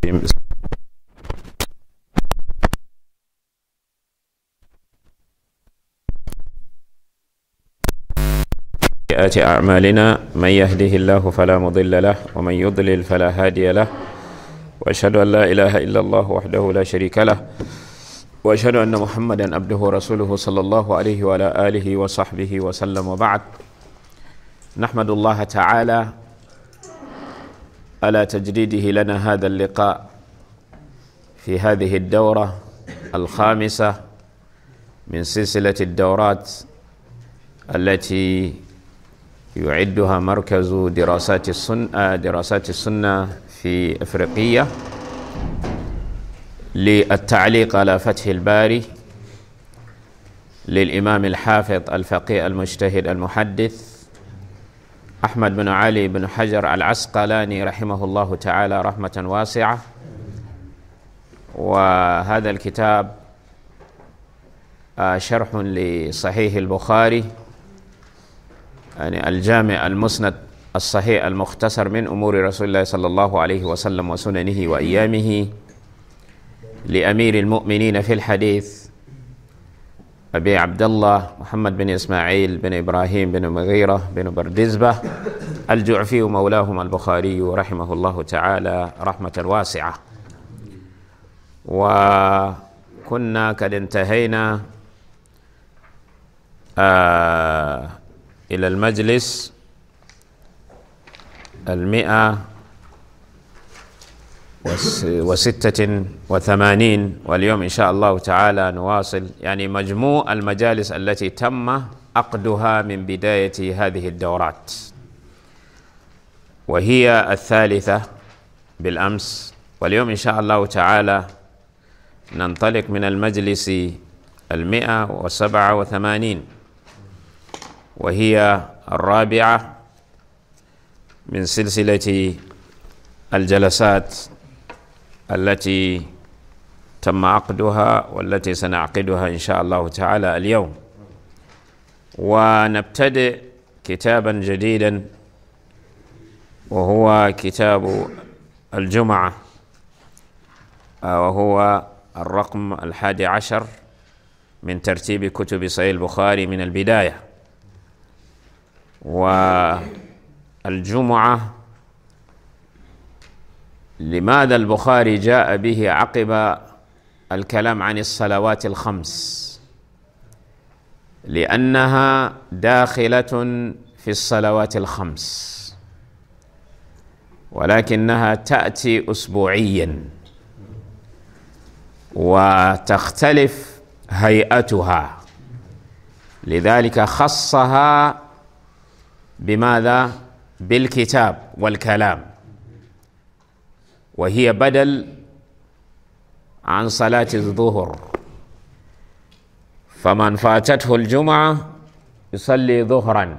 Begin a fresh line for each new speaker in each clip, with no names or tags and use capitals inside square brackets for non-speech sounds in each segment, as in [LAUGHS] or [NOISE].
سيئات
أعمالنا من يهده الله فلا مضل له ومن يضلل فلا هادي له وأشهد أن لا إله إلا الله وحده لا شريك له وأشهد أن محمدا عبده ورسوله صلى الله عليه وعلى آله وصحبه وسلم وبعد نحمد الله تعالى على تجديده لنا هذا اللقاء في هذه الدورة الخامسة من سلسلة الدورات التي يعدها مركز دراسات السنة آه، دراسات السنة في أفريقيا للتعليق على فتح الباري للإمام الحافظ الفقيه المجتهد المحدث أحمد بن علي بن حجر العسقلاني رحمه الله تعالى رحمة واسعة وهذا الكتاب آه، شرح لصحيح البخاري يعني الجامع المسند الصحيح المختصر من أمور رسول الله صلى الله عليه وسلم وسننه وأيامه لأمير المؤمنين في الحديث أبي عبد الله محمد بن إسماعيل بن إبراهيم بن مغيرة بن بردزبة الجعفي مولاهما البخاري رحمه الله تعالى رحمة واسعة وكنا قد انتهينا آه إلى المجلس المئة وستة وثمانين واليوم إن شاء الله تعالى نواصل يعني مجموع المجالس التي تم عقدها من بداية هذه الدورات وهي الثالثة بالأمس واليوم إن شاء الله تعالى ننطلق من المجلس المئة وسبعة وثمانين وهي الرابعة من سلسلة الجلسات التي تم عقدها والتي سنعقدها إن شاء الله تعالى اليوم ونبتدئ كتابا جديدا وهو كتاب الجمعة وهو الرقم الحادي عشر من ترتيب كتب صحيح البخاري من البداية والجمعة لماذا البخاري جاء به عقب الكلام عن الصلوات الخمس لأنها داخلة في الصلوات الخمس ولكنها تأتي أسبوعيا وتختلف هيئتها لذلك خصها بماذا؟ بالكتاب والكلام وهي بدل عن صلاة الظهر فمن فاتته الجمعة يصلي ظهرا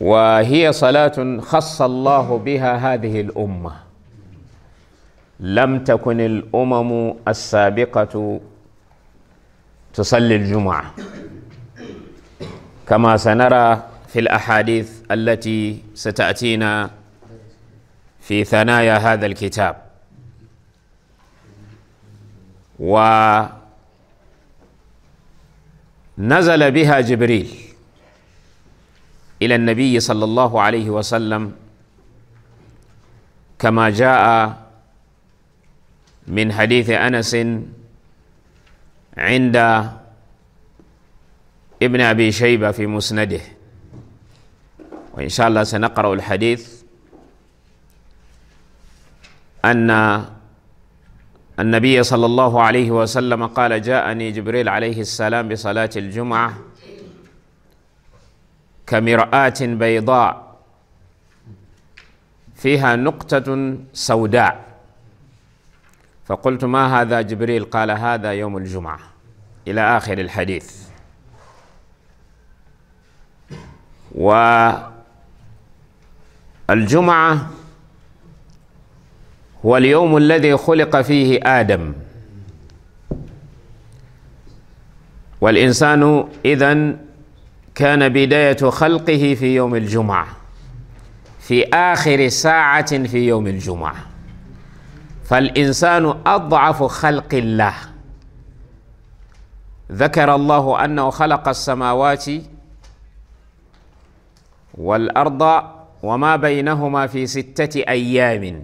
وهي صلاة خص الله بها هذه الأمة لم تكن الأمم السابقة تصلي الجمعة كما سنرى في الأحاديث التي ستأتينا في ثنايا هذا الكتاب ونزل بها جبريل الى النبي صلى الله عليه وسلم كما جاء من حديث انس عند ابن ابي شيبه في مسنده وان شاء الله سنقرا الحديث أن النبي صلى الله عليه وسلم قال جاءني جبريل عليه السلام بصلاة الجمعة كمرآة بيضاء فيها نقطة سوداء فقلت ما هذا جبريل قال هذا يوم الجمعة إلى آخر الحديث والجمعة هو اليوم الذي خلق فيه آدم والإنسان إذن كان بداية خلقه في يوم الجمعة في آخر ساعة في يوم الجمعة فالإنسان أضعف خلق الله ذكر الله أنه خلق السماوات والأرض وما بينهما في ستة أيام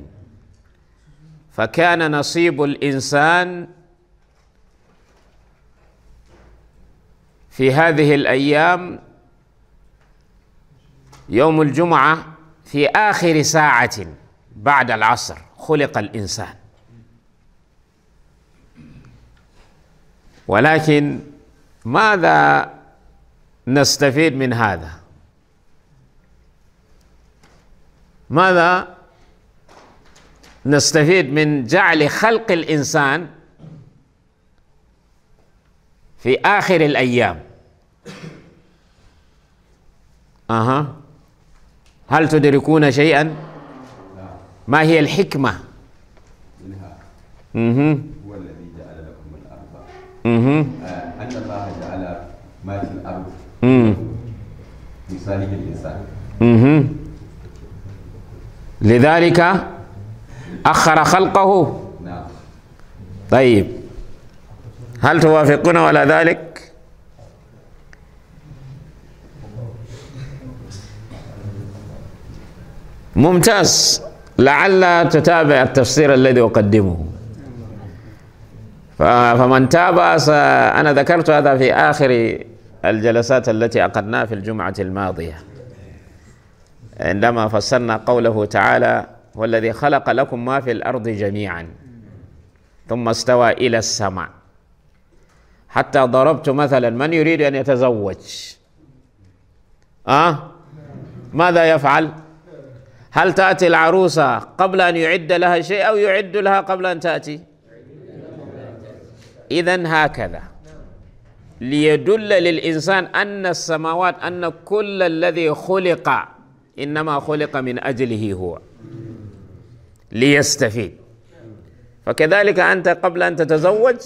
فكان نصيب الانسان في هذه الايام يوم الجمعه في اخر ساعه بعد العصر خلق الانسان ولكن ماذا نستفيد من هذا ماذا نستفيد من جعل خلق الانسان في اخر الايام اها هل تدركون شيئا ما هي الحكمه اها هو
الذي جعل لكم
الارض اها
ان الله جعل ما في الارض
لصالح الانسان اها لذلك أخر خلقه طيب هل توافقون على ذلك ممتاز لعل تتابع التفسير الذي أقدمه فمن تابع أنا ذكرت هذا في آخر الجلسات التي عقدناها في الجمعة الماضية عندما فسرنا قوله تعالى هو الذي خلق لكم ما في الأرض جميعا ثم استوى إلى السماء حتى ضربت مثلا من يريد أن يتزوج أه؟ ماذا يفعل هل تأتي العروسة قبل أن يعد لها شيء أو يعد لها قبل أن تأتي إذا هكذا ليدل للإنسان أن السماوات أن كل الذي خلق إنما خلق من أجله هو ليستفيد فكذلك أنت قبل أن تتزوج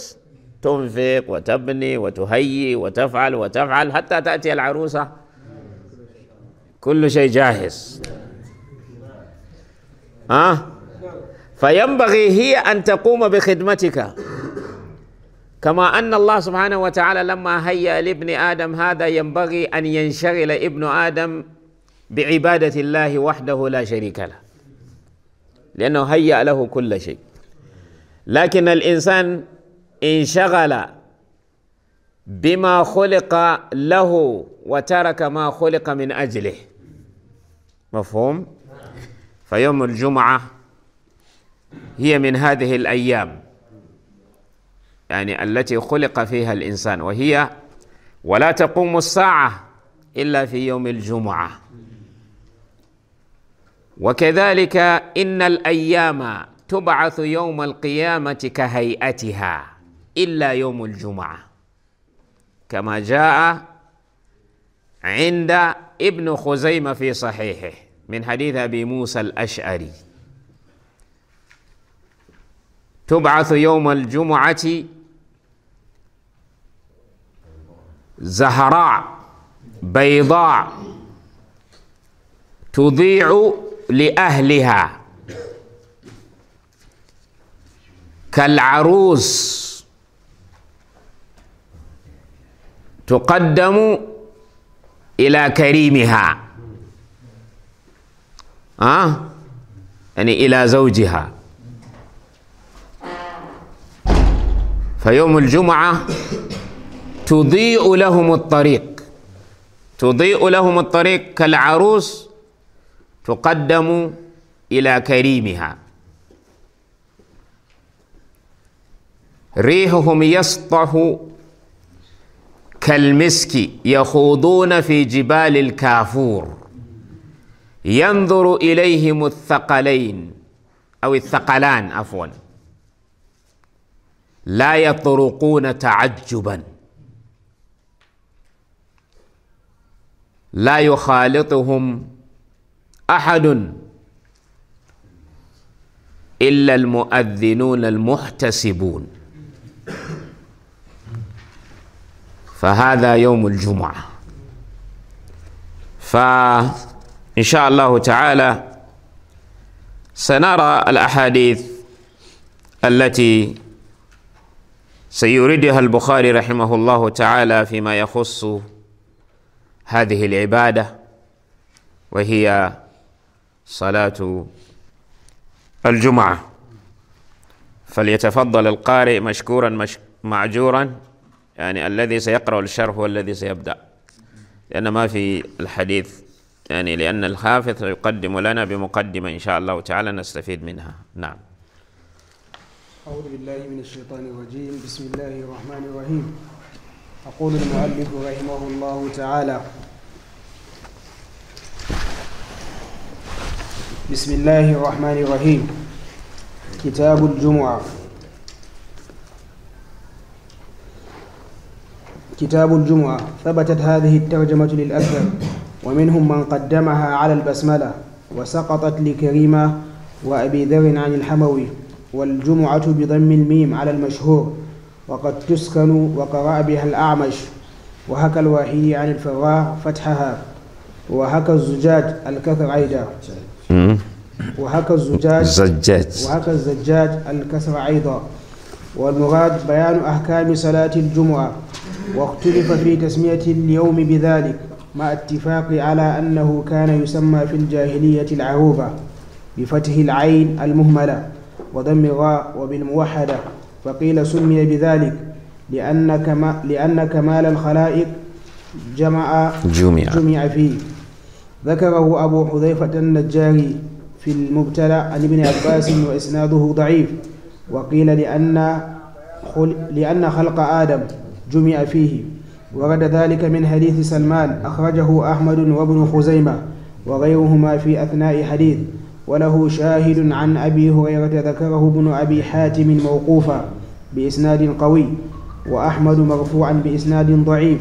تنفق وتبني وتهيئ وتفعل وتفعل حتى تأتي العروسة كل شيء جاهز ها فينبغي هي أن تقوم بخدمتك كما أن الله سبحانه وتعالى لما هيأ لابن آدم هذا ينبغي أن ينشغل ابن آدم بعبادة الله وحده لا شريك له لأنه هيأ له كل شيء لكن الإنسان انشغل بما خلق له وترك ما خلق من أجله مفهوم؟ فيوم الجمعة هي من هذه الأيام يعني التي خلق فيها الإنسان وهي ولا تقوم الساعة إلا في يوم الجمعة وكذلك إن الأيام تبعث يوم القيامة كهيئتها إلا يوم الجمعة كما جاء عند ابن خزيمة في صحيحه من حديث أبي موسى الأشعري تبعث يوم الجمعة زهراء بيضاء تضيع لأهلها كالعروس تقدم إلى كريمها أه؟ يعني إلى زوجها فيوم الجمعة تضيء لهم الطريق تضيء لهم الطريق كالعروس تقدم إلى كريمها ريحهم يسطح كالمسك يخوضون في جبال الكافور ينظر إليهم الثقلين أو الثقلان عفوا لا يطرقون تعجبا لا يخالطهم أحد إلا المؤذنون المحتسبون فهذا يوم الجمعة فإن شاء الله تعالى سنرى الأحاديث التي سيردها البخاري رحمه الله تعالى فيما يخص هذه العبادة وهي صلاة الجمعة فليتفضل القارئ مشكورا مش معجورا يعني الذي سيقرأ الشرح هو الذي سيبدأ لأن ما في الحديث يعني لأن الحافظ يقدم لنا بمقدمة إن شاء الله تعالى نستفيد منها نعم
أعوذ بالله من الشيطان الرجيم بسم الله الرحمن الرحيم يقول المؤلف رحمه الله تعالى بسم الله الرحمن الرحيم كتاب الجمعة كتاب الجمعة ثبتت هذه الترجمة للأكثر ومنهم من قدمها على البسملة وسقطت لكريمة وأبي ذر عن الحموي والجمعة بضم الميم على المشهور وقد تسكن وقرأ بها الأعمش وهكى الواحي عن الفراء فتحها وهكى الزجاج الكثر عيدا وحكى الزجاج الزجاج وحكى الزجاج الكسر أيضا والمراد بيان أحكام صلاة الجمعة واختلف في تسمية اليوم بذلك مع اتفاق على أنه كان يسمى في الجاهلية العروبة بفتح العين المهملة وضم الراء وبالموحدة فقيل سمي بذلك لأن, كما لأن كمال الخلائق جمع جمع, جمع فيه ذكره أبو حذيفة النجاري في المبتلى عن ابن عباس وإسناده ضعيف وقيل لأن خل... لأن خلق آدم جمع فيه ورد ذلك من حديث سلمان أخرجه أحمد وابن خزيمة وغيرهما في أثناء حديث وله شاهد عن أبي هريرة ذكره ابن أبي حاتم موقوفا بإسناد قوي وأحمد مرفوعا بإسناد ضعيف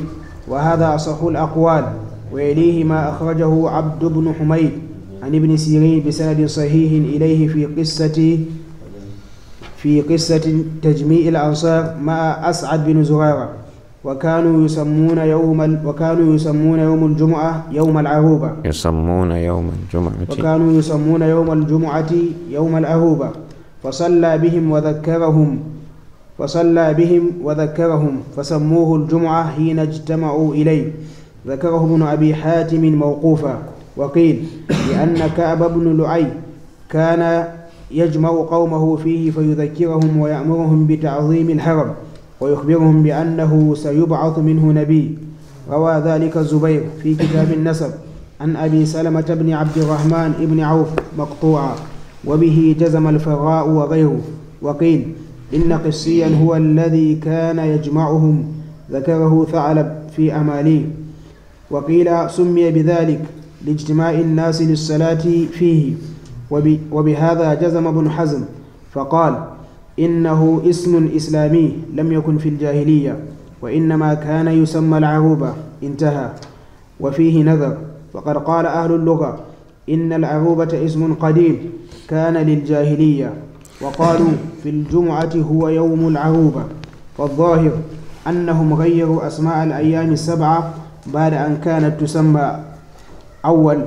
وهذا أصح الأقوال وإليه ما أخرجه عبد بن حميد عن ابن سيرين بسند صحيح إليه في قصة في قصة تجميع الأنصار مع أسعد بن زرارة وكانوا يسمون يوم وكانوا يسمون يوم الجمعة يوم العروبة
يسمون يوم الجمعة وكانوا
يسمون يوم الجمعة يوم العروبة فصلى بهم وذكرهم فصلى بهم وذكرهم فسموه الجمعة حين اجتمعوا إليه ذكره ابن أبي حاتم موقوفا وقيل لأن كعب بن لعي كان يجمع قومه فيه فيذكرهم ويأمرهم بتعظيم الحرم ويخبرهم بأنه سيبعث منه نبي روى ذلك الزبير في كتاب النسب عن أبي سلمة بن عبد الرحمن بن عوف مقطوعا وبه جزم الفراء وغيره وقيل إن قسيا هو الذي كان يجمعهم ذكره ثعلب في أماليه وقيل سمي بذلك لاجتماع الناس للصلاة فيه وبهذا جزم ابن حزم فقال إنه اسم إسلامي لم يكن في الجاهلية وإنما كان يسمى العروبة انتهى وفيه نذر فقد قال أهل اللغة إن العروبة اسم قديم كان للجاهلية وقالوا في الجمعة هو يوم العروبة فالظاهر أنهم غيروا أسماء الأيام السبعة بعد أن كانت تسمى أول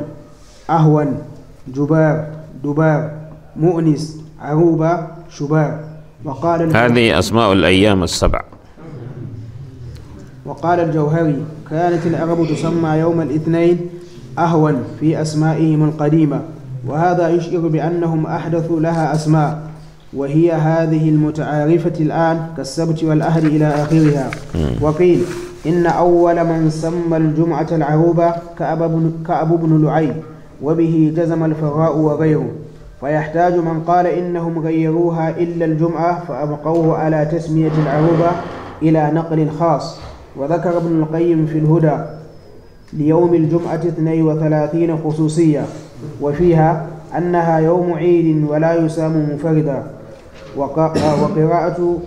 أهون جبار دبار مؤنس عروبة شباب وقال هذه
أسماء الأيام السبع
وقال الجوهري كانت العرب تسمى يوم الاثنين أهون في أسمائهم القديمة وهذا يشعر بأنهم أحدثوا لها أسماء وهي هذه المتعارفة الآن كالسبت والأهل إلى آخرها وقيل إن أول من سمى الجمعة العروبة كأب بن لعي وبه جزم الفراء وغيره فيحتاج من قال إنهم غيروها إلا الجمعة فأبقوه على تسمية العروبة إلى نقل خاص وذكر ابن القيم في الهدى ليوم الجمعة 32 خصوصية وفيها أنها يوم عيد ولا يسام منفردا وقراءة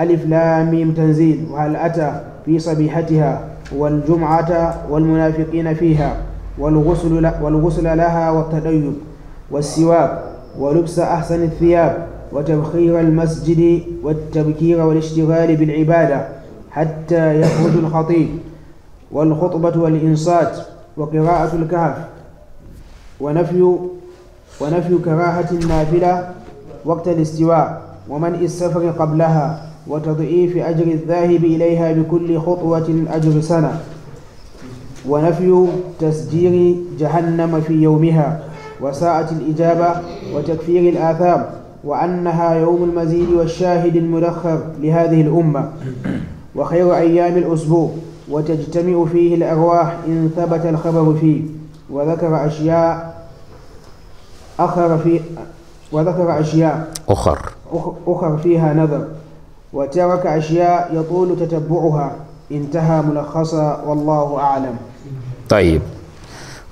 ألف لام تنزيل وهل أتى في صبيحتها والجمعة والمنافقين فيها والغسل, والغسل لها والتديب والسواك ولبس أحسن الثياب وتبخير المسجد والتبكير والاشتغال بالعبادة حتى يخرج الخطيب والخطبة والإنصات وقراءة الكهف ونفي ونفي كراهة النافلة وقت الاستواء ومنع السفر قبلها وتضعيف أجر الذاهب إليها بكل خطوة أجر سنة ونفي تسجير جهنم في يومها وساعة الإجابة وتكفير الآثام وأنها يوم المزيد والشاهد المدخر لهذه الأمة وخير أيام الأسبوع وتجتمع فيه الأرواح إن ثبت الخبر فيه وذكر أشياء أخر في وذكر أشياء أخر أخر فيها نظر وترك أشياء يطول تتبعها انتهى ملخصا والله أعلم
طيب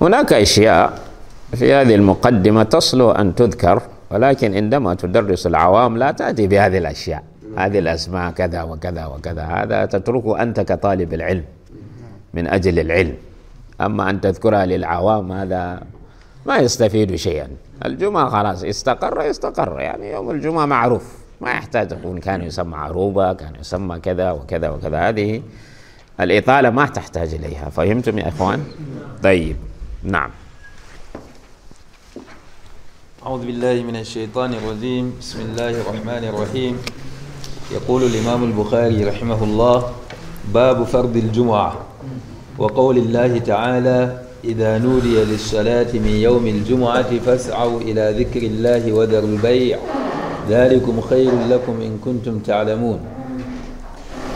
هناك أشياء في هذه المقدمة تصلو أن تذكر ولكن عندما تدرس العوام لا تأتي بهذه الأشياء هذه الأسماء كذا وكذا وكذا هذا تتركه أنت كطالب العلم من أجل العلم أما أن تذكرها للعوام هذا ما يستفيد شيئا الجمعة خلاص استقر استقر يعني يوم الجمعة معروف ما يحتاج تقول كان يسمى عروبة كان يسمى كذا وكذا وكذا هذه الإطالة ما تحتاج إليها فهمتم يا إخوان؟ طيب نعم
أعوذ بالله من الشيطان الرجيم بسم الله الرحمن الرحيم يقول الإمام البخاري رحمه الله باب فرض الجمعة وقول الله تعالى إذا نودي للصلاة من يوم الجمعة فاسعوا إلى ذكر الله وذروا البيع ذلكم خير لكم إن كنتم تعلمون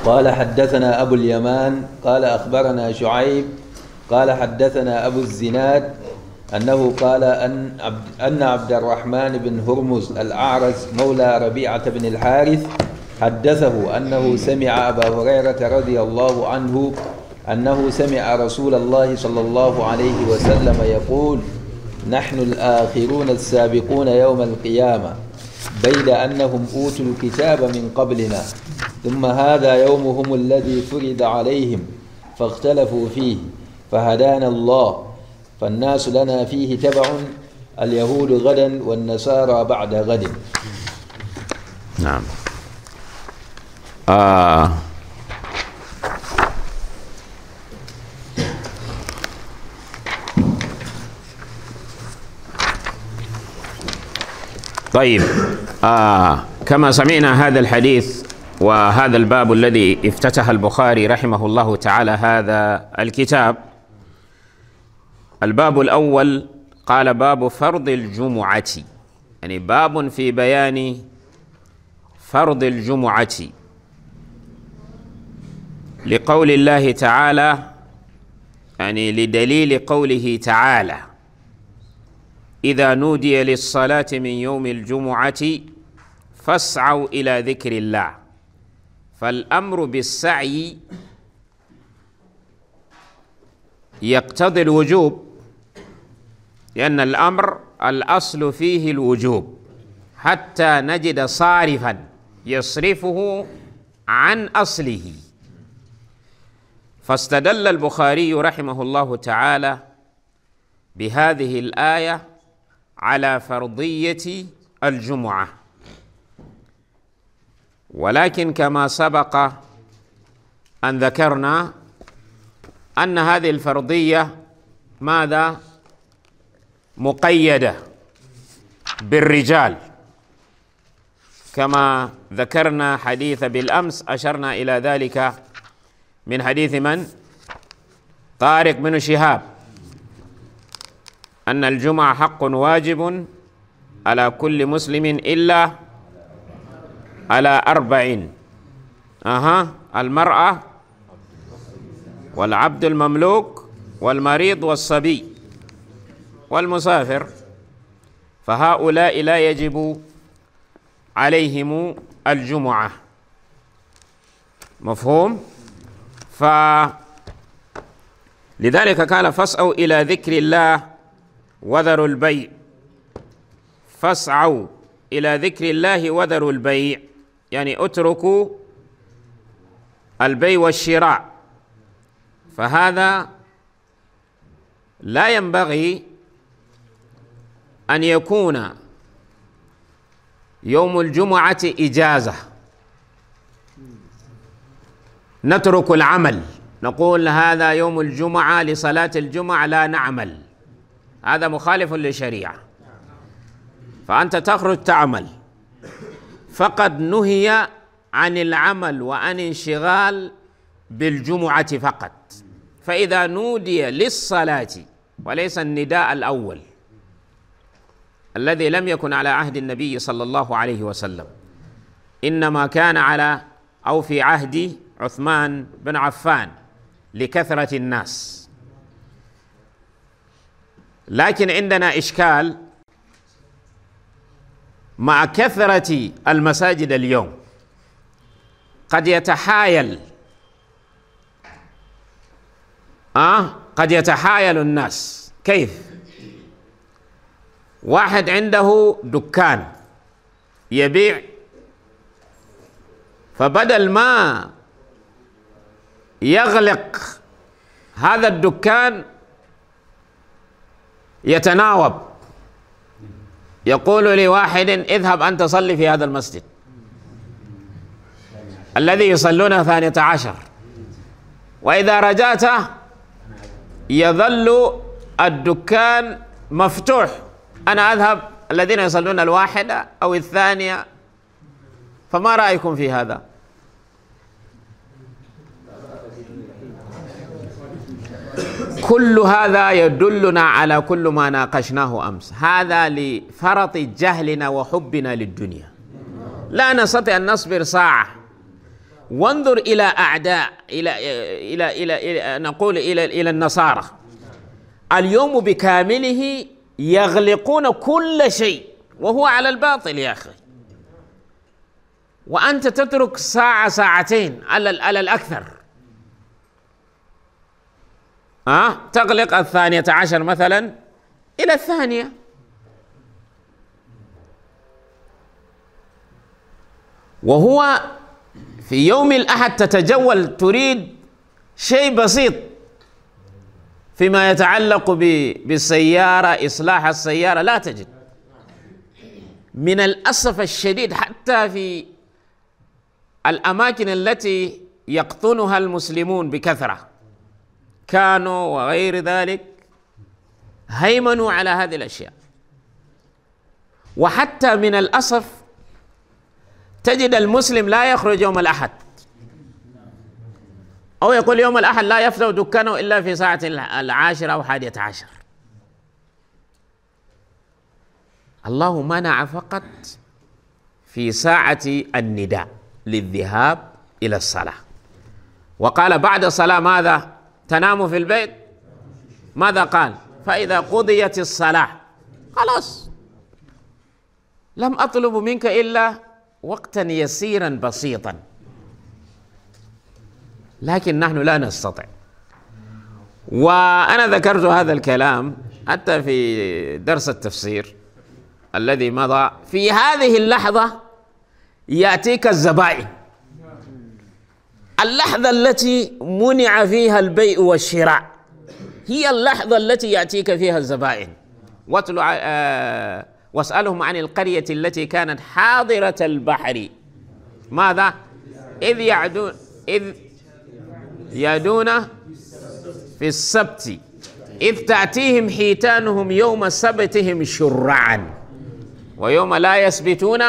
قال حدثنا أبو اليمان قال أخبرنا شعيب قال حدثنا أبو الزناد أنه قال أن عبد, أن عبد الرحمن بن هرمز الأعرس مولى ربيعة بن الحارث حدثه أنه سمع أبا هريرة رضي الله عنه أنه سمع رسول الله صلى الله عليه وسلم يقول نحن الآخرون السابقون يوم القيامة بيد أنهم أوتوا الكتاب من قبلنا ثم هذا يومهم الذي فرد عليهم فاختلفوا فيه فهدانا الله فالناس لنا فيه تبع اليهود غدا والنصارى بعد غد
نعم آه. طيب آه كما سمعنا هذا الحديث وهذا الباب الذي افتتح البخاري رحمه الله تعالى هذا الكتاب الباب الأول قال باب فرض الجمعة يعني باب في بيان فرض الجمعة لقول الله تعالى يعني لدليل قوله تعالى إذا نودي للصلاة من يوم الجمعة فاسعوا إلى ذكر الله فالأمر بالسعي يقتضي الوجوب لأن الأمر الأصل فيه الوجوب حتى نجد صارفا يصرفه عن أصله فاستدل البخاري رحمه الله تعالى بهذه الآية على فرضية الجمعة ولكن كما سبق أن ذكرنا أن هذه الفرضية ماذا مقيدة بالرجال كما ذكرنا حديث بالأمس أشرنا إلى ذلك من حديث من طارق بن شهاب أن الجمعة حق واجب على كل مسلم إلا على أربع أها المرأة والعبد المملوك والمريض والصبي والمسافر فهؤلاء لا يجب عليهم الجمعة مفهوم فلذلك قال فاسأوا إلى ذكر الله وذروا البيع فاسعوا إلى ذكر الله وذروا البيع يعني اتركوا البيع والشراء فهذا لا ينبغي أن يكون يوم الجمعة إجازة نترك العمل نقول هذا يوم الجمعة لصلاة الجمعة لا نعمل هذا مخالف للشريعة فأنت تخرج تعمل فقد نهي عن العمل وعن انشغال بالجمعة فقط فإذا نودي للصلاة وليس النداء الأول الذي لم يكن على عهد النبي صلى الله عليه وسلم إنما كان على أو في عهد عثمان بن عفان لكثرة الناس لكن عندنا إشكال مع كثرة المساجد اليوم قد يتحايل آه قد يتحايل الناس كيف واحد عنده دكان يبيع فبدل ما يغلق هذا الدكان يتناوب يقول لواحد اذهب أنت صلي في هذا المسجد الذي يصلون ثانية عشر وإذا رجعت يظل الدكان مفتوح أنا أذهب الذين يصلون الواحدة أو الثانية فما رأيكم في هذا؟ كل هذا يدلنا على كل ما ناقشناه امس هذا لفرط جهلنا وحبنا للدنيا لا نستطيع ان نصبر ساعه وانظر الى اعداء الى الى الى, إلى نقول الى الى النصارى اليوم بكامله يغلقون كل شيء وهو على الباطل يا اخي وانت تترك ساعه ساعتين على على الاكثر أه؟ تغلق الثانية عشر مثلا إلى الثانية وهو في يوم الأحد تتجول تريد شيء بسيط فيما يتعلق بالسيارة إصلاح السيارة لا تجد من الأسف الشديد حتى في الأماكن التي يقطنها المسلمون بكثرة كانوا وغير ذلك هيمنوا على هذه الأشياء وحتى من الأسف تجد المسلم لا يخرج يوم الأحد أو يقول يوم الأحد لا يفتح دكانه إلا في ساعة العاشرة أو حادية عشر الله منع فقط في ساعة النداء للذهاب إلى الصلاة وقال بعد الصلاة ماذا تنام في البيت ماذا قال فإذا قضيت الصلاة خلاص لم أطلب منك إلا وقتا يسيرا بسيطا لكن نحن لا نستطيع وأنا ذكرت هذا الكلام حتى في درس التفسير الذي مضى في هذه اللحظة يأتيك الزبائن اللحظة التي منع فيها البيع والشراء هي اللحظة التي يأتيك فيها الزبائن واتل آه، واسألهم عن القرية التي كانت حاضرة البحر ماذا إذ يعدون إذ يعدون في السبت إذ تأتيهم حيتانهم يوم سبتهم شرعا ويوم لا يسبتون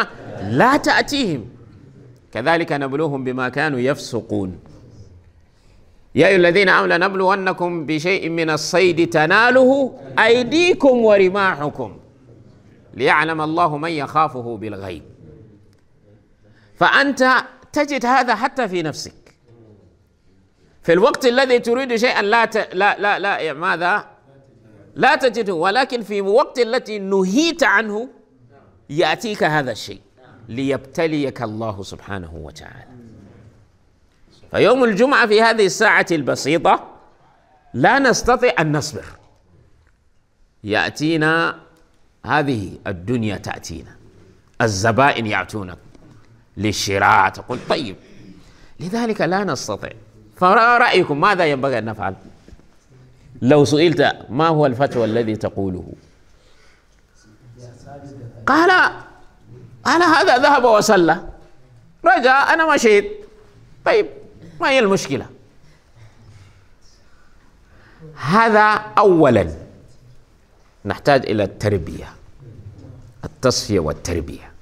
لا تأتيهم كذلك نبلوهم بما كانوا يفسقون يا أيها الذين آمنوا نبلونكم بشيء من الصيد تناله أيديكم ورماحكم ليعلم الله من يخافه بالغيب فأنت تجد هذا حتى في نفسك في الوقت الذي تريد شيئا لا ت... لا لا لا ماذا؟ لا تجده ولكن في وقت التي نهيت عنه يأتيك هذا الشيء ليبتليك الله سبحانه وتعالى فيوم الجمعه في هذه الساعه البسيطه لا نستطيع ان نصبر ياتينا هذه الدنيا تاتينا الزبائن ياتونك للشراء تقول طيب لذلك لا نستطيع فرأيكم ماذا ينبغي أن نفعل لو سئلت ما هو الفتوى الذي تقوله قال أنا هذا ذهب وصلى رجع أنا مشيت طيب ما هي المشكلة هذا أولا نحتاج إلى التربية التصفية والتربية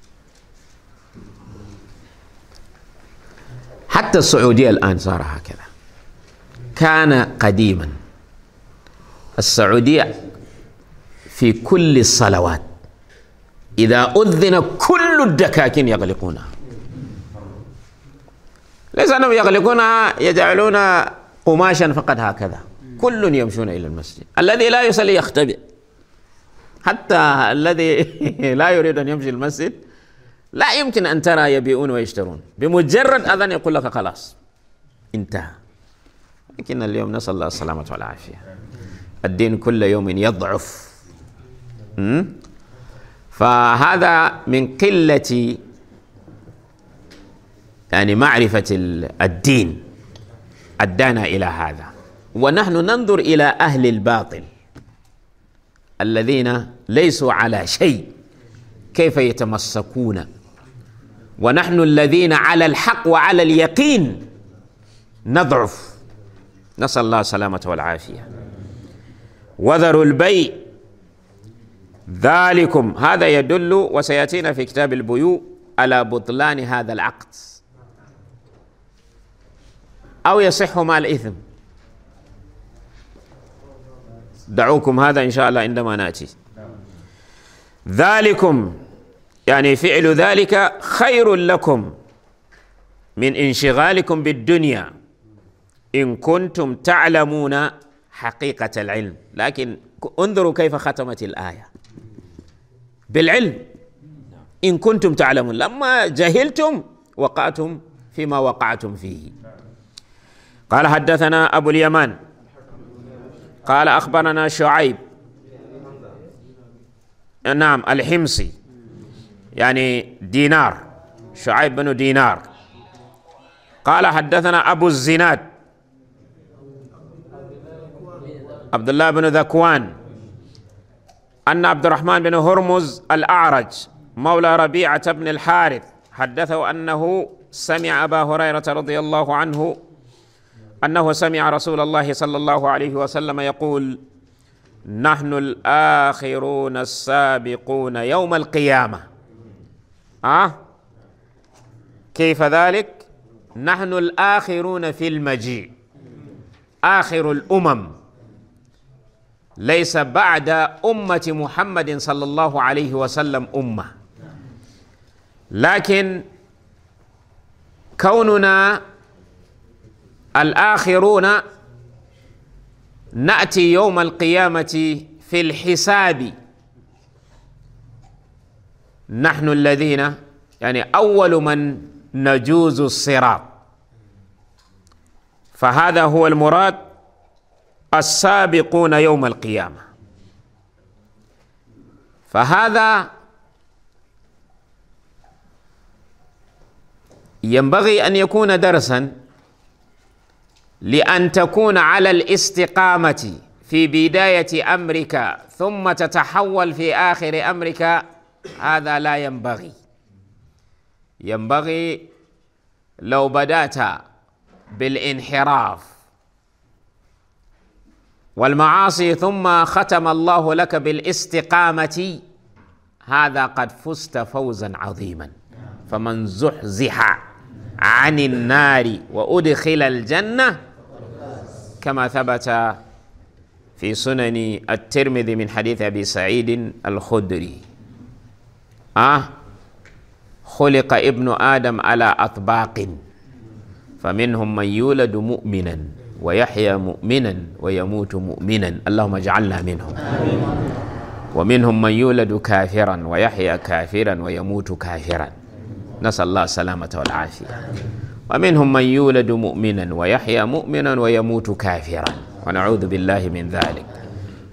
حتى السعودية الآن صار هكذا كان قديما السعودية في كل الصلوات إذا أذن كل الدكاكين يغلقونها ليس أنهم يغلقونها يجعلون قماشا فقط هكذا كل يمشون إلى المسجد الذي لا يصلي يختبئ حتى الذي [LAUGHS] لا يريد أن يمشي المسجد لا يمكن أن ترى يبيعون ويشترون بمجرد أذن يقول لك خلاص انتهى لكن اليوم نسأل الله السلامة والعافية الدين كل يوم يضعف فهذا من قلة يعني معرفة الدين أدانا إلى هذا ونحن ننظر إلى أهل الباطل الذين ليسوا على شيء كيف يتمسكون ونحن الذين على الحق وعلى اليقين نضعف نسأل الله السلامة والعافية وذروا البيع ذلكم هذا يدل وسيأتينا في كتاب البيوء على بطلان هذا العقد أو يصح مع الإثم دعوكم هذا إن شاء الله عندما نأتي ذلكم يعني فعل ذلك خير لكم من انشغالكم بالدنيا إن كنتم تعلمون حقيقة العلم لكن انظروا كيف ختمت الآية بالعلم إن كنتم تعلمون لما جهلتم وقعتم فيما وقعتم فيه قال حدثنا أبو اليمان قال أخبرنا شعيب نعم الحمصي يعني دينار شعيب بن دينار قال حدثنا أبو الزناد عبد الله بن ذكوان أن عبد الرحمن بن هرمز الأعرج مولى ربيعة بن الحارث حدثه أنه سمع أبا هريرة رضي الله عنه أنه سمع رسول الله صلى الله عليه وسلم يقول نحن الآخرون السابقون يوم القيامة أه؟ كيف ذلك؟ نحن الآخرون في المجيء آخر الأمم ليس بعد أمة محمد صلى الله عليه وسلم أمة لكن كوننا الآخرون نأتي يوم القيامة في الحساب نحن الذين يعني أول من نجوز الصراط فهذا هو المراد السابقون يوم القيامة فهذا ينبغي أن يكون درسا لأن تكون على الاستقامة في بداية أمرك ثم تتحول في آخر أمرك هذا لا ينبغي ينبغي لو بدأت بالانحراف والمعاصي ثم ختم الله لك بالاستقامه هذا قد فزت فوزا عظيما فمن زحزح عن النار وادخل الجنه كما ثبت في سنن الترمذي من حديث ابي سعيد الخدري آه خلق ابن آدم على أطباق فمنهم من يولد مؤمنا ويحيى مؤمنا ويموت مؤمنا اللهم اجعلنا منهم آمين. ومنهم من يولد كافرا ويحيى كافرا ويموت كافرا نسأل الله السلامة والعافية ومنهم من يولد مؤمنا ويحيى مؤمنا ويموت كافرا ونعوذ بالله من ذلك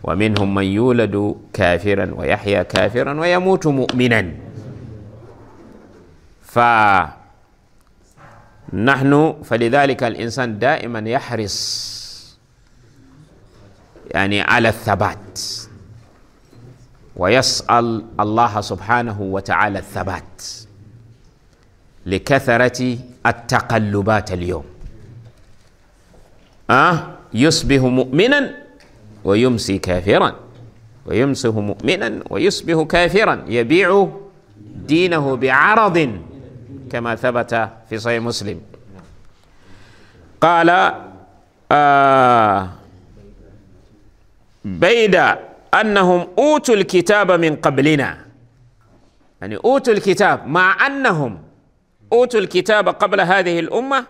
ومنهم من يولد كافرا ويحيى كافرا ويموت مؤمنا ف نحن فلذلك الإنسان دائما يحرص يعني على الثبات ويسأل الله سبحانه وتعالى الثبات لكثرة التقلبات اليوم أه يصبح مؤمنا ويمسي كافرا ويمسه مؤمنا ويصبح كافرا يبيع دينه بعرض كما ثبت في صحيح مسلم قال آه بيد أنهم أوتوا الكتاب من قبلنا يعني أوتوا الكتاب مع أنهم أوتوا الكتاب قبل هذه الأمة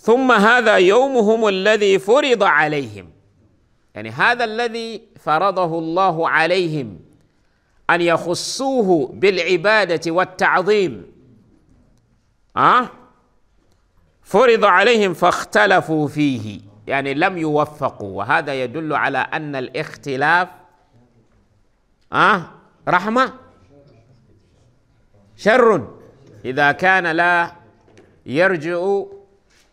ثم هذا يومهم الذي فرض عليهم يعني هذا الذي فرضه الله عليهم أن يخصوه بالعبادة والتعظيم أه؟ فرض عليهم فاختلفوا فيه يعني لم يوفقوا وهذا يدل على أن الاختلاف أه؟ رحمة شر إذا كان لا يرجع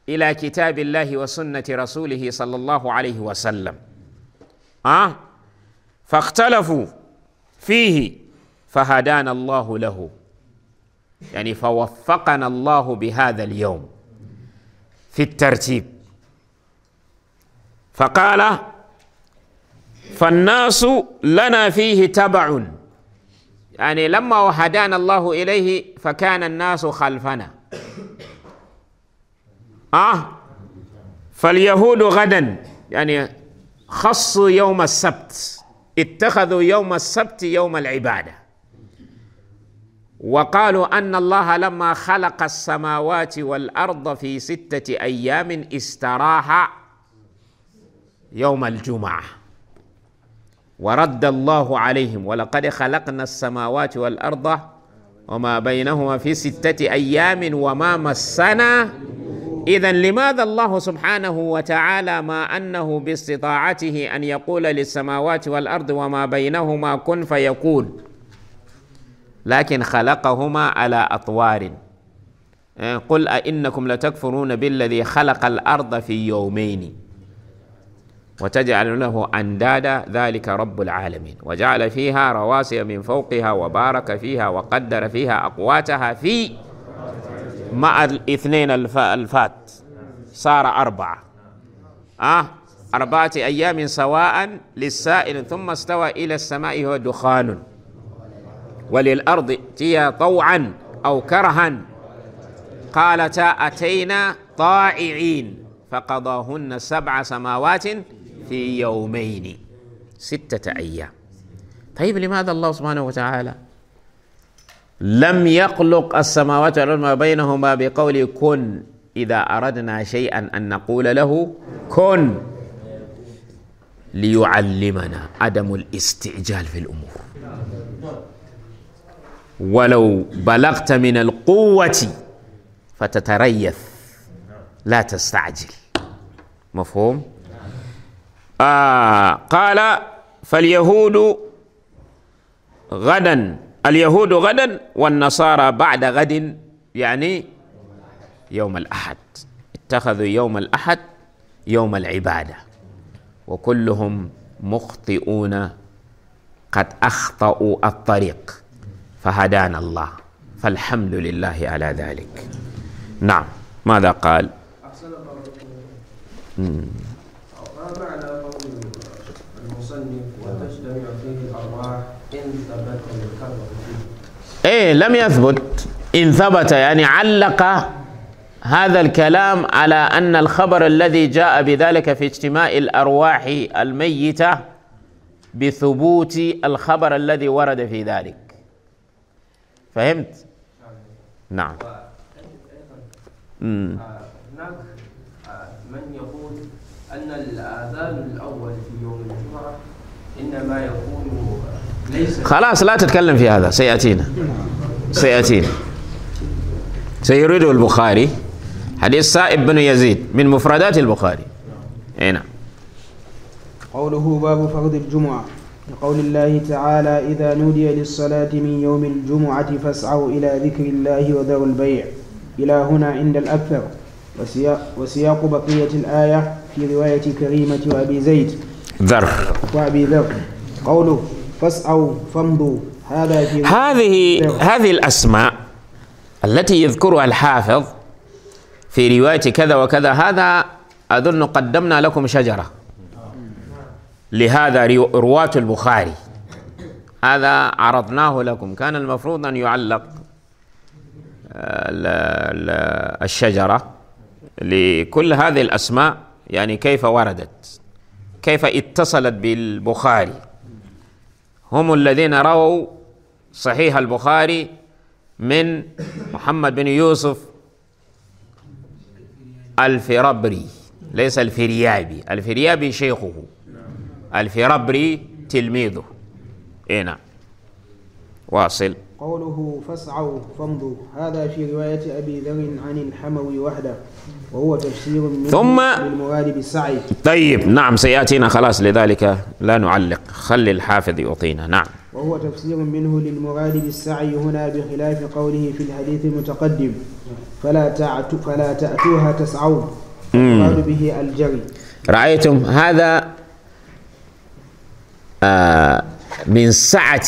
إلى كتاب الله وسنة رسوله صلى الله عليه وسلم أه؟ فاختلفوا فيه فهدانا الله له يعني فوفقنا الله بهذا اليوم في الترتيب فقال فالناس لنا فيه تبع يعني لما هدانا الله إليه فكان الناس خلفنا آه فاليهود غدا يعني خصوا يوم السبت اتخذوا يوم السبت يوم العباده وقالوا ان الله لما خلق السماوات والارض في سته ايام استراح يوم الجمعه ورد الله عليهم ولقد خلقنا السماوات والارض وما بينهما في سته ايام وما مسنا إذا لماذا الله سبحانه وتعالى ما أنه باستطاعته أن يقول للسماوات والأرض وما بينهما كن فيكون لكن خلقهما على أطوار آه، قل أئنكم لتكفرون بالذي خلق الأرض في يومين وتجعل له أندادا ذلك رب العالمين وجعل فيها رواسي من فوقها وبارك فيها وقدر فيها أقواتها في مع الاثنين الفات صار أربعة آه أربعة أيام سواء للسائل ثم استوى إلى السماء هو دخان وللأرض ائتيا طوعا أو كرها قالتا أتينا طائعين فقضاهن سبع سماوات في يومين ستة أيام طيب لماذا الله سبحانه وتعالى لم يخلق السماوات والأرض ما بينهما بقول كن إذا أردنا شيئا أن نقول له كن ليعلمنا عدم الاستعجال في الأمور ولو بلغت من القوة فتتريث لا تستعجل مفهوم؟ آه قال فاليهود غدا اليهود غدا والنصارى بعد غد يعني يوم الأحد اتخذوا يوم الأحد يوم العبادة وكلهم مخطئون قد أخطأوا الطريق فهدانا الله فالحمد لله على ذلك نعم ماذا قال أحسن الله ايه لم يثبت ان ثبت يعني علق هذا الكلام على ان الخبر الذي جاء بذلك في اجتماع الارواح الميته بثبوت الخبر الذي ورد في ذلك فهمت نعم هناك
من يقول ان الاذان الاول في يوم الجمعه
انما يكون خلاص لا تتكلم في هذا سيأتينا سيأتينا سيريد البخاري حديث سائب بن يزيد من مفردات البخاري اي نعم
قوله باب فرض الجمعة لقول الله تعالى إذا نودي للصلاة من يوم الجمعة فاسعوا إلى ذكر الله وذروا البيع إلى هنا عند الأكثر وسياق, وسياق بقية الآية في رواية كريمة وأبي زيد ذر وأبي ذر قوله فاسعوا فامضوا هذا
هذه هذه الأسماء التي يذكرها الحافظ في رواية كذا وكذا هذا أظن قدمنا لكم شجرة لهذا رواة البخاري هذا عرضناه لكم كان المفروض أن يعلق آه، الشجرة لكل هذه الأسماء يعني كيف وردت كيف اتصلت بالبخاري هم الذين رووا صحيح البخاري من محمد بن يوسف الفربري ليس الفريابي الفريابي شيخه الفربري تلميذه اي نعم واصل
قوله فاسعوا فامضوا هذا في رواية أبي ذر عن الحموي وحده وهو تفسير ثم للمراد بالسعي
طيب نعم سيأتينا خلاص لذلك لا نعلق خلي الحافظ يعطينا نعم
وهو تفسير منه للمراد بالسعي هنا بخلاف قوله في الحديث المتقدم فلا تعتو فلا تأتوها تسعون المراد به الجري
رأيتم هذا آه من سعة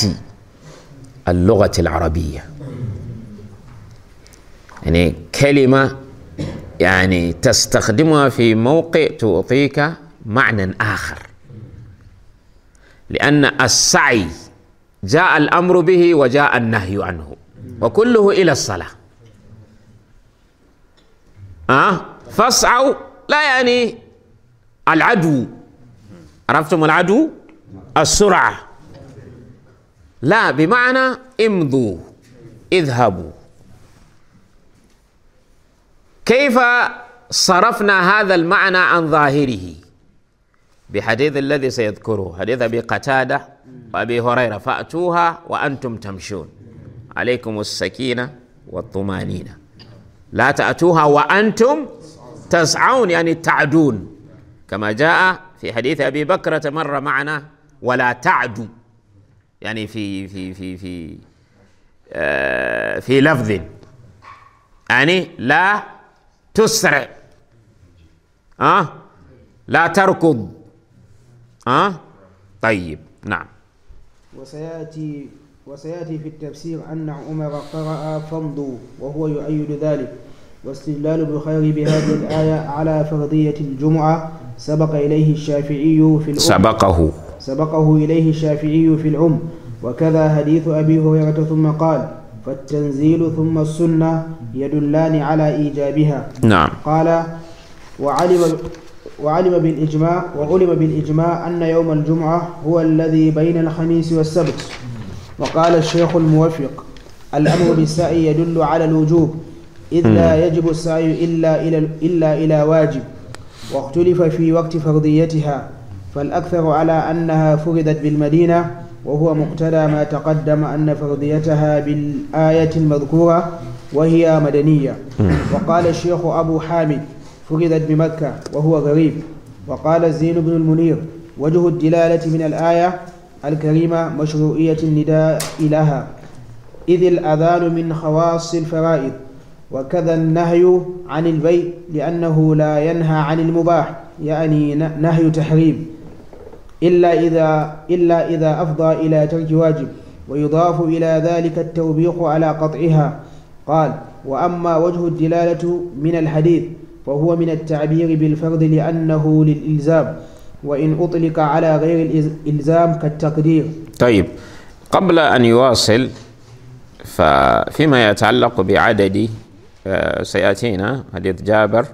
اللغة العربية يعني كلمة يعني تستخدمها في موقع تعطيك معنى آخر لأن السعي جاء الأمر به وجاء النهي عنه وكله إلى الصلاة أه؟ فاسعوا لا يعني العدو عرفتم العدو السرعة لا بمعنى امضوا اذهبوا كيف صرفنا هذا المعنى عن ظاهره بحديث الذي سيذكره حديث أبي قتادة وأبي هريرة فأتوها وأنتم تمشون عليكم السكينة والطمانينة لا تأتوها وأنتم تسعون يعني تعدون كما جاء في حديث أبي بكرة مر معنا ولا تعدو يعني في في في في آه في لفظ يعني لا تسرع أه؟ لا تركض أه؟ طيب نعم
وسيأتي وسيأتي في التفسير أن عمر قرأ فامضوا وهو يؤيد ذلك واستدلال بخير بهذه الآية على فرضية الجمعة سبق إليه الشافعي في الأم سبقه سبقه إليه الشافعي في العم وكذا حديث أبي هريرة ثم قال فالتنزيل ثم السنة يدلان على إيجابها نعم قال وعلم وعلم بالإجماع وعلم بالإجماع أن يوم الجمعة هو الذي بين الخميس والسبت وقال الشيخ الموفق الأمر بالسعي يدل على الوجوب إذ لا يجب السعي إلا إلى إلا إلى واجب واختلف في وقت فرضيتها فالأكثر على أنها فرضت بالمدينة وهو مقتدى ما تقدم أن فرضيتها بالآية المذكورة وهي مدنية وقال الشيخ أبو حامد فرضت بمكة وهو غريب وقال الزين بن المنير وجه الدلالة من الآية الكريمة مشروعية النداء لها إذ الأذان من خواص الفرائض وكذا النهي عن البيت لأنه لا ينهى عن المباح يعني نهي تحريم إلا إذا إلا إذا أفضى إلى ترك واجب ويضاف إلى ذلك التوبيخ على قطعها قال وأما وجه الدلالة من الحديث فهو من التعبير بالفرض لأنه للإلزام وإن أطلق على غير الإلزام كالتقدير
طيب قبل أن يواصل ففيما يتعلق بعدد آه، سيأتينا حديث جابر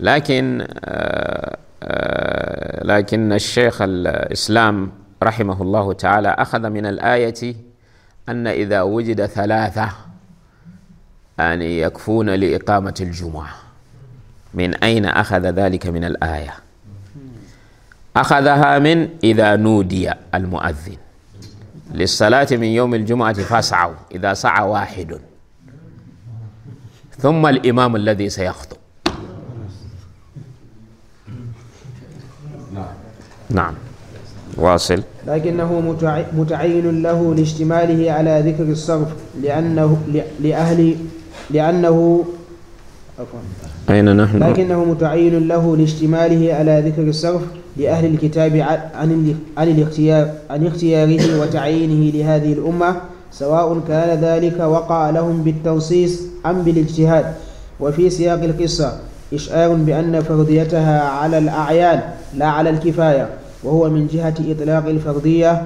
لكن آه، آه، لكن الشيخ الإسلام رحمه الله تعالى أخذ من الآية أن إذا وجد ثلاثة يعني يكفون لإقامة الجمعة من أين أخذ ذلك من الآية أخذها من إذا نودي المؤذن للصلاة من يوم الجمعة فاسعوا إذا سعى واحد ثم الإمام الذي سيخطب نعم واصل
لكنه متعين له لاشتماله على ذكر الصرف لأنه لأهل لأنه عفوا
أين نحن؟ لكنه
متعين له لاشتماله على ذكر الصرف لأهل الكتاب عن عن الاختيار عن اختياره وتعيينه لهذه الأمة سواء كان ذلك وقع لهم بالتنصيص أم بالاجتهاد وفي سياق القصة إشعار بأن فرديتها على الأعيان لا على الكفاية وهو من جهة إطلاق الفردية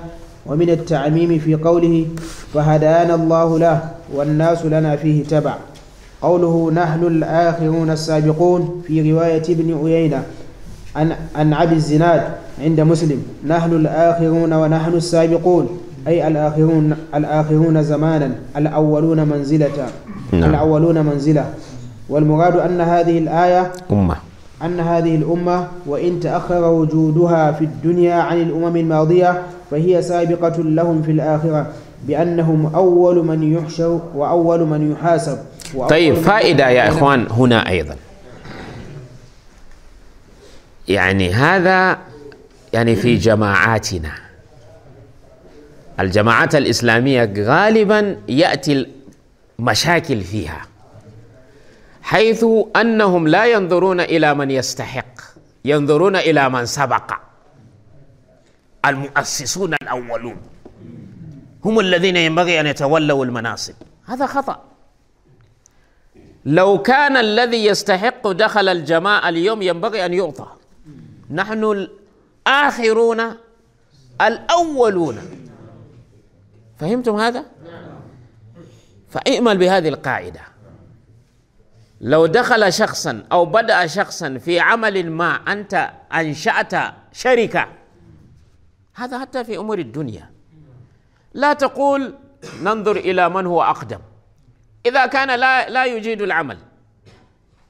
ومن التعميم في قوله فهدانا الله له والناس لنا فيه تبع قوله نحن الآخرون السابقون في رواية ابن عيينة عن عن عبد الزناد عند مسلم نحن الآخرون ونحن السابقون أي الآخرون الآخرون زمانا الأولون منزلة نعم. الأولون منزلة والمراد أن هذه الآية أمة أن هذه الأمة وإن تأخر وجودها في الدنيا عن الأمم الماضية فهي سابقة لهم في الآخرة بأنهم أول من يحشر وأول من يحاسب وأول طيب من فائدة يا إخوان
هنا أيضا يعني هذا يعني في جماعاتنا الجماعات الإسلامية غالبا يأتي المشاكل فيها حيث انهم لا ينظرون الى من يستحق ينظرون الى من سبق المؤسسون الاولون هم الذين ينبغي ان يتولوا المناصب هذا خطا لو كان الذي يستحق دخل الجماعه اليوم ينبغي ان يعطى نحن الاخرون الاولون فهمتم هذا فإئمل بهذه القاعده لو دخل شخصا أو بدأ شخصا في عمل ما أنت أنشأت شركة هذا حتى في أمور الدنيا لا تقول ننظر إلى من هو أقدم إذا كان لا, لا يجيد العمل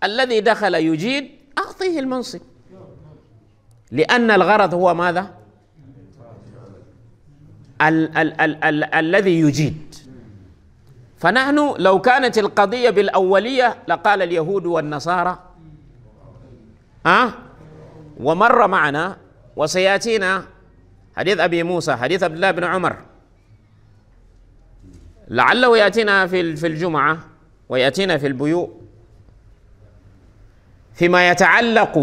الذي دخل يجيد أعطيه المنصب لأن الغرض هو ماذا؟ ال ال ال ال الذي يجيد فنحن لو كانت القضية بالأولية لقال اليهود والنصارى أه؟ ومر معنا وسيأتينا حديث أبي موسى حديث عبد الله بن عمر لعله يأتينا في في الجمعة ويأتينا في البيوء فيما يتعلق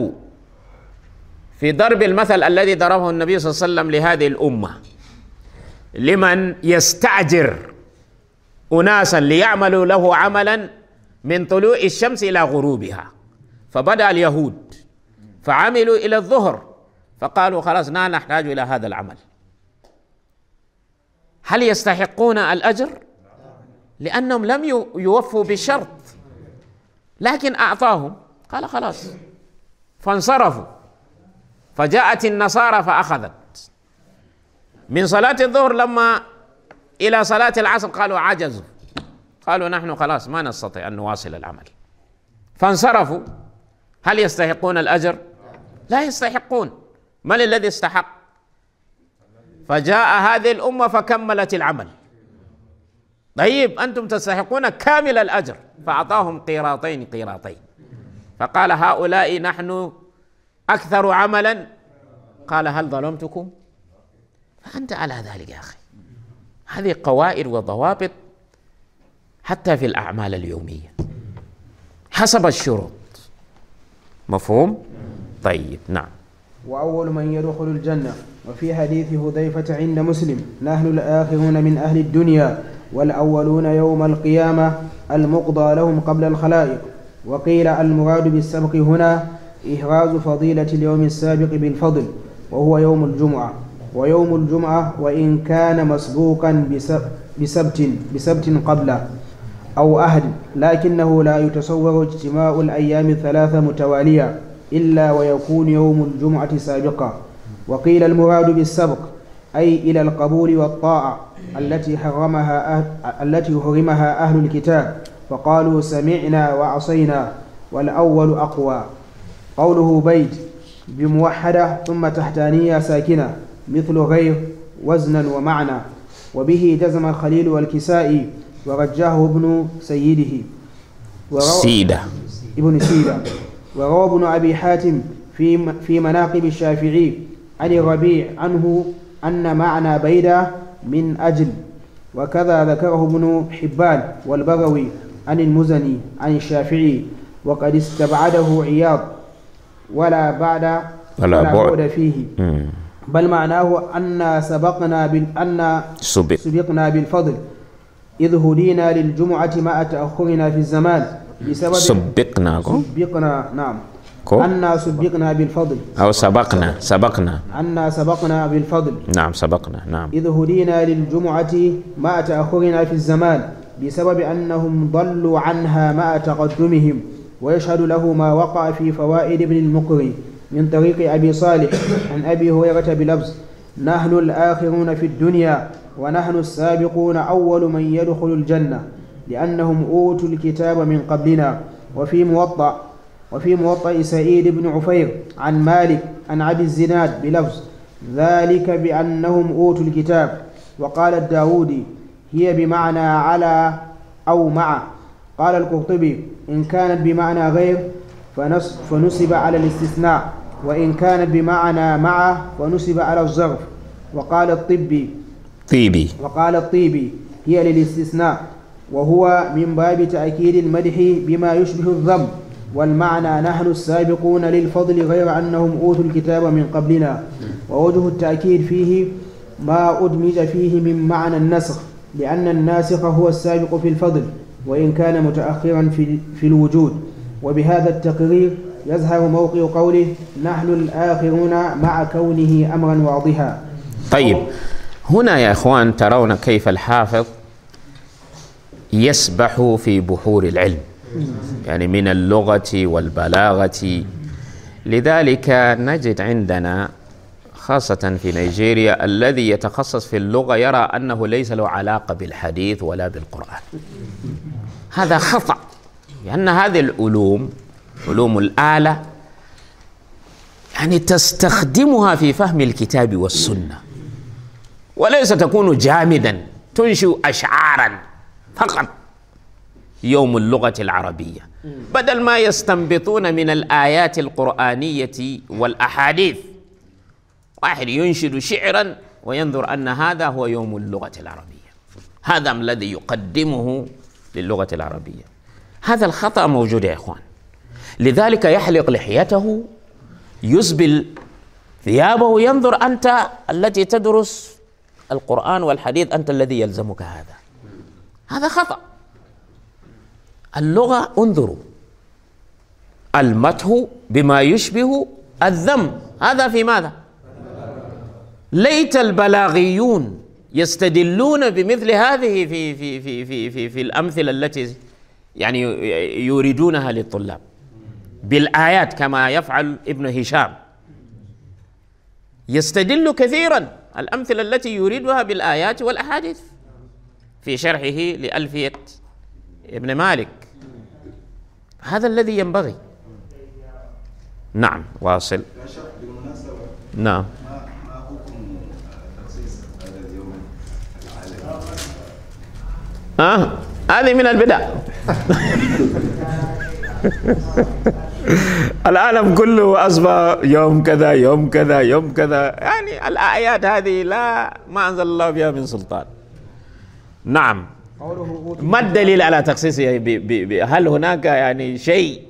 في ضرب المثل الذي ضربه النبي صلى الله عليه وسلم لهذه الأمة لمن يستعجر أناسا ليعملوا له عملا من طلوع الشمس إلى غروبها فبدأ اليهود فعملوا إلى الظهر فقالوا خلاص لا نحتاج إلى هذا العمل هل يستحقون الأجر؟ لأنهم لم يوفوا بشرط لكن أعطاهم قال خلاص فانصرفوا فجاءت النصارى فأخذت من صلاة الظهر لما إلى صلاة العصر قالوا عجزوا قالوا نحن خلاص ما نستطيع أن نواصل العمل فانصرفوا هل يستحقون الأجر؟ لا يستحقون من الذي استحق؟ فجاء هذه الأمة فكملت العمل طيب أنتم تستحقون كامل الأجر فأعطاهم قيراطين قيراطين فقال هؤلاء نحن أكثر عملا قال هل ظلمتكم؟ فأنت على ذلك يا أخي هذه قواعد وضوابط حتى في الأعمال اليومية حسب الشروط مفهوم؟ طيب نعم
وأول من يدخل الجنة وفي حديث هذيفة عند مسلم نحن الآخرون من أهل الدنيا والأولون يوم القيامة المقضى لهم قبل الخلائق وقيل المراد بالسبق هنا إهراز فضيلة اليوم السابق بالفضل وهو يوم الجمعة ويوم الجمعة وإن كان مسبوقا بسبت بسبت قبله أو أهل لكنه لا يتصور اجتماع الأيام الثلاثة متوالية إلا ويكون يوم الجمعة سابقا وقيل المراد بالسبق أي إلى القبول والطاعة التي حرمها أهل التي حرمها أهل الكتاب فقالوا سمعنا وعصينا والأول أقوى قوله بيت بموحدة ثم تحتانية ساكنة مثل غير وزنا ومعنى وبه جزم الخليل والكسائي ورجاه ابن سيده سيدة ابن سيدة وروى ابن أبي حاتم في في مناقب الشافعي عن الربيع عنه أن معنى بيدة من أجل وكذا ذكره ابن حبان والبغوي عن المزني عن الشافعي وقد استبعده عياض ولا بعد ولا بعد فيه بل معناه أن سبقنا بال أن سبق. سبقنا بالفضل إذ هدينا للجمعة ما تأخرنا في الزمان بسبب
سبقنا
سبقنا نعم أن سبقنا بالفضل
أو سبقنا سبقنا
أن سبقنا بالفضل
نعم سبقنا نعم
إذ هدينا للجمعة ما تأخرنا في الزمان بسبب أنهم ضلوا عنها ما تقدمهم ويشهد له ما وقع في فوائد ابن المقري من طريق أبي صالح عن أبي هريرة بلفظ نحن الآخرون في الدنيا ونحن السابقون أول من يدخل الجنة لأنهم أوتوا الكتاب من قبلنا وفي موطأ وفي موطأ سعيد بن عفير عن مالك عن عبد الزناد بلفظ ذلك بأنهم أوتوا الكتاب وقال الداودي هي بمعنى على أو مع قال القرطبي إن كانت بمعنى غير فنسب على الاستثناء وإن كان بمعنى معه ونسب على الظرف وقال الطبي طيبي وقال الطيبي هي للاستثناء وهو من باب تأكيد المدح بما يشبه الذم والمعنى نحن السابقون للفضل غير أنهم أوتوا الكتاب من قبلنا ووجه التأكيد فيه ما أدمج فيه من معنى النسخ لأن الناسخ هو السابق في الفضل وإن كان متأخرا في, في الوجود وبهذا التقرير يظهر موقع قوله نحن الآخرون مع كونه أمرا واضحا
طيب هنا يا إخوان ترون كيف الحافظ يسبح في بحور العلم يعني من اللغة والبلاغة لذلك نجد عندنا خاصة في نيجيريا الذي يتخصص في اللغة يرى أنه ليس له علاقة بالحديث ولا بالقرآن هذا خطأ لأن هذه العلوم علوم الآلة يعني تستخدمها في فهم الكتاب والسنة وليس تكون جامدا تنشئ أشعارا فقط يوم اللغة العربية بدل ما يستنبطون من الآيات القرآنية والأحاديث واحد ينشد شعرا وينظر أن هذا هو يوم اللغة العربية هذا الذي يقدمه للغة العربية هذا الخطأ موجود يا إخوان لذلك يحلق لحيته يسبل ثيابه ينظر أنت التي تدرس القرآن والحديث أنت الذي يلزمك هذا هذا خطأ اللغة انظروا المته بما يشبه الذم هذا في ماذا ليت البلاغيون يستدلون بمثل هذه في في في في في, في الأمثلة التي يعني يريدونها للطلاب بالآيات كما يفعل ابن هشام يستدل كثيرا الأمثلة التي يريدها بالآيات والأحاديث في شرحه لألفية ابن مالك هذا الذي ينبغي نعم واصل نعم ها آه. هذه من البدع [LAUGHS] [LAUGHS] العالم كله أصبح يوم كذا يوم كذا يوم كذا يعني الآيات هذه لا ما أنزل الله بها من سلطان نعم ما الدليل على تخصيصه يعني هل هناك يعني شيء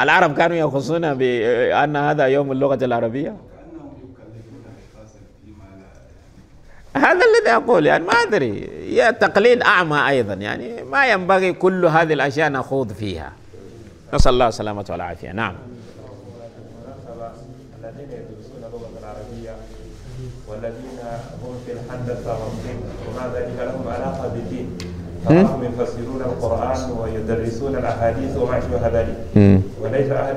العرب كانوا يخصون بأن هذا يوم اللغة العربية هذا الذي أقول يعني ما أدري تقليد أعمى أيضا يعني ما ينبغي كل هذه الأشياء نخوض فيها نسأل الله السلامة والعافية نعم الذين يدرسون اللغة العربية والذين هم في الهندسة والطب وما ذلك لهم علاقة بالدين فهم يفسرون القرآن ويدرسون الأحاديث وما أشبه ذلك وليس أحد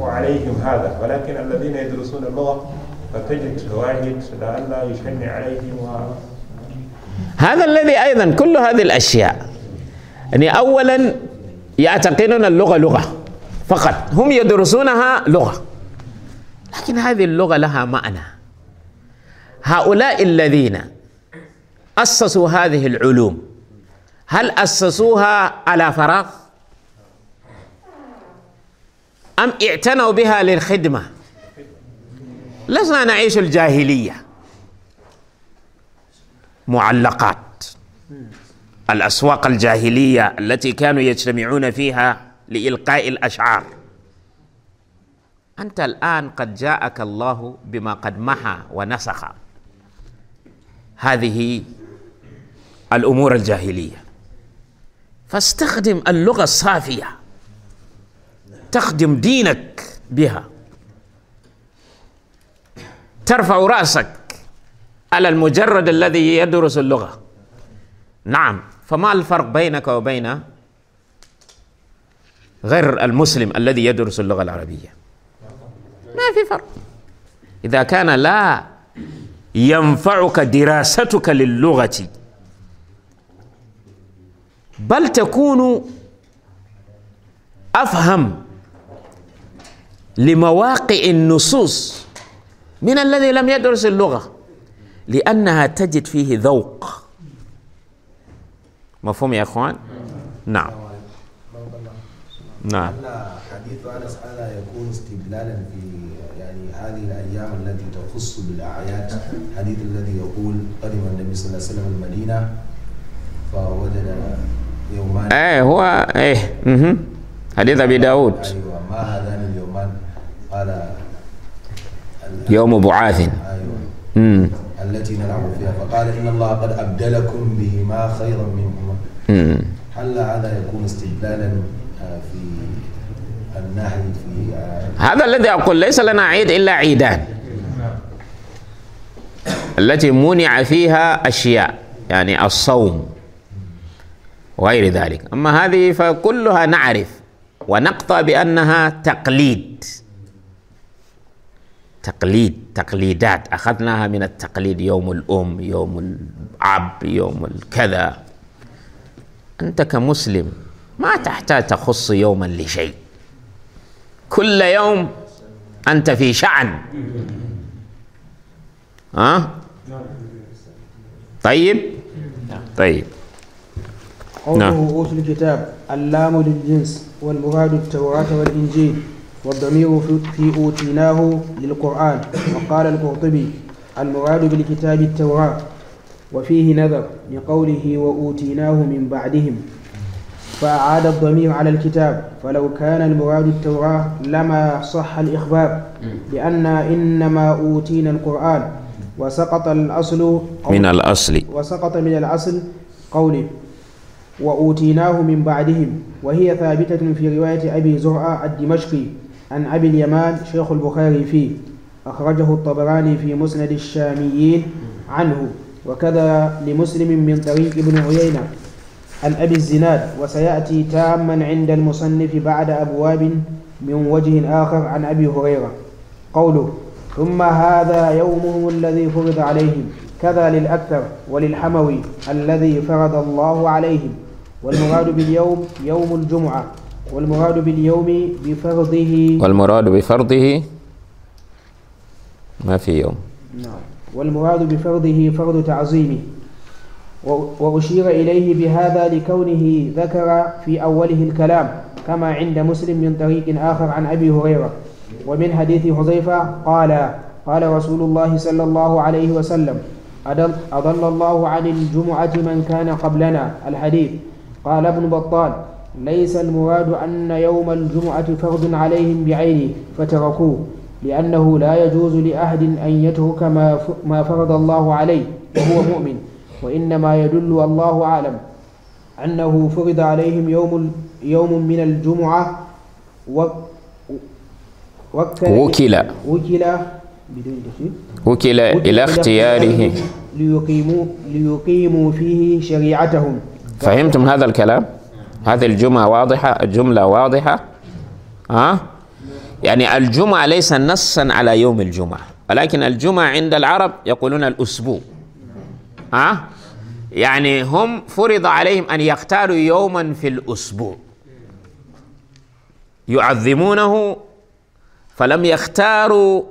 عليهم هذا ولكن الذين يدرسون اللغة فتجد لئلا يشن عليهم هذا الذي أيضا كل هذه الأشياء يعني أولا يعتقدون اللغة لغة فقط هم يدرسونها لغة لكن هذه اللغة لها معنى هؤلاء الذين أسسوا هذه العلوم هل أسسوها على فراغ أم اعتنوا بها للخدمة لسنا نعيش الجاهلية معلقات الأسواق الجاهلية التي كانوا يجتمعون فيها لإلقاء الأشعار أنت الآن قد جاءك الله بما قد محى ونسخ هذه الأمور الجاهلية فاستخدم اللغة الصافية تخدم دينك بها ترفع رأسك على المجرد الذي يدرس اللغة نعم فما الفرق بينك وبين غير المسلم الذي يدرس اللغة العربية ما في فرق إذا كان لا ينفعك دراستك للغة بل تكون أفهم لمواقع النصوص من الذي لم يدرس اللغة لأنها تجد فيه ذوق مفهوم يا اخوان نعم نعم
حديث انس هذا يكون استدلالا في يعني هذه الايام التي تخص بالاعياد الحديث الذي يقول قدم النبي صلى الله عليه وسلم المدينه فوجد
يومان ايه هو ايه اها حديث ابي داود
ايوه ما هذان اليومان قال
يوم بعاث ايوه امم
التي نلعب فيها فقال ان الله قد ابدلكم بهما خيرا منهما هل هذا يكون استدلالا آه، في النهي في
آه، هذا الذي أقول ليس لنا عيد إلا عيدان التي منع فيها أشياء يعني الصوم وغير ذلك أما هذه فكلها نعرف ونقطع بأنها تقليد تقليد تقليدات أخذناها من التقليد يوم الأم يوم الأب يوم الكذا أنت كمسلم ما تحتاج تخص يوما لشيء كل يوم أنت في شأن ها أه؟ طيب طيب
قوله أوتوا نعم. الكتاب اللام للجنس والمراد التوراة والإنجيل والضمير في أوتيناه للقرآن وقال القرطبي المراد بالكتاب التوراة وفيه نذر لقوله وأوتيناه من بعدهم فأعاد الضمير على الكتاب فلو كان المراد التوراة لما صح الإخبار لأن إنما أوتينا القرآن وسقط الأصل من الأصل وسقط من الأصل قوله وأوتيناه من بعدهم وهي ثابتة في رواية أبي زرعة الدمشقي عن أبي اليمان شيخ البخاري فيه أخرجه الطبراني في مسند الشاميين عنه وكذا لمسلم من طريق ابن عيينة عن أبي الزناد وسيأتي تاما عند المصنف بعد أبواب من وجه آخر عن أبي هريرة قوله ثم هذا يومهم الذي فرض عليهم كذا للأكثر وللحموي الذي فرض الله عليهم والمراد باليوم يوم الجمعة والمراد باليوم بفرضه
والمراد بفرضه ما في يوم نعم
والمراد بفرضه فرض تعظيمه وأشير إليه بهذا لكونه ذكر في أوله الكلام كما عند مسلم من طريق آخر عن أبي هريرة ومن حديث حذيفة قال قال رسول الله صلى الله عليه وسلم أضل الله عن الجمعة من كان قبلنا الحديث قال ابن بطال ليس المراد أن يوم الجمعة فرض عليهم بعينه فتركوه لأنه لا يجوز لأحد أن يترك ما ما فرض الله عليه وهو مؤمن وإنما يدل الله أعلم أنه فرض عليهم يوم يوم من الجمعة وكل وكل وكل
وكل إلى اختياره
ليقيموا ليقيموا فيه شريعتهم
فهمتم هذا الكلام؟ هذه الجملة واضحة الجملة واضحة ها؟ أه؟ يعني الجمعة ليس نصا على يوم الجمعة ولكن الجمعة عند العرب يقولون الأسبوع ها يعني هم فرض عليهم أن يختاروا يوما في الأسبوع يعظمونه فلم يختاروا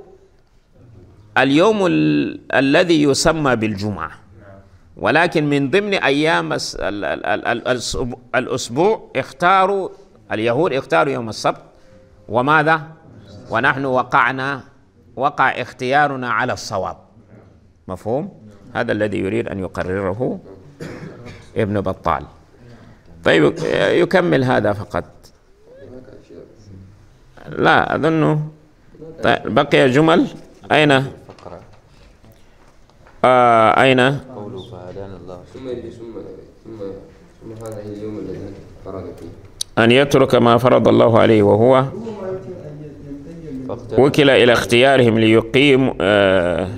اليوم ال الذي يسمى بالجمعة ولكن من ضمن أيام ال ال الأسبوع اختاروا اليهود اختاروا يوم السبت وماذا ونحن وقعنا وقع اختيارنا على الصواب مفهوم هذا الذي يريد أن يقرره ابن بطال طيب يكمل هذا فقط لا أظنه طيب بقي جمل أين آه أين
قوله فهدانا الله ثم ثم
ثم هذا اليوم الذي فرض فيه أن يترك ما فرض الله عليه وهو وكل إلى اختيارهم ليقيم آه،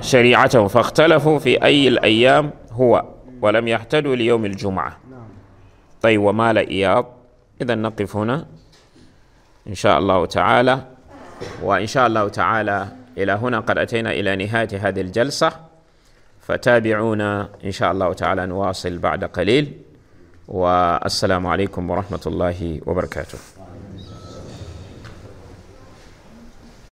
شريعته فاختلفوا في أي الأيام هو ولم يحتدوا ليوم الجمعة طيب وما إياب إذا نقف هنا إن شاء الله تعالى وإن شاء الله تعالى إلى هنا قد أتينا إلى نهاية هذه الجلسة فتابعونا إن شاء الله تعالى نواصل بعد قليل والسلام عليكم ورحمة الله وبركاته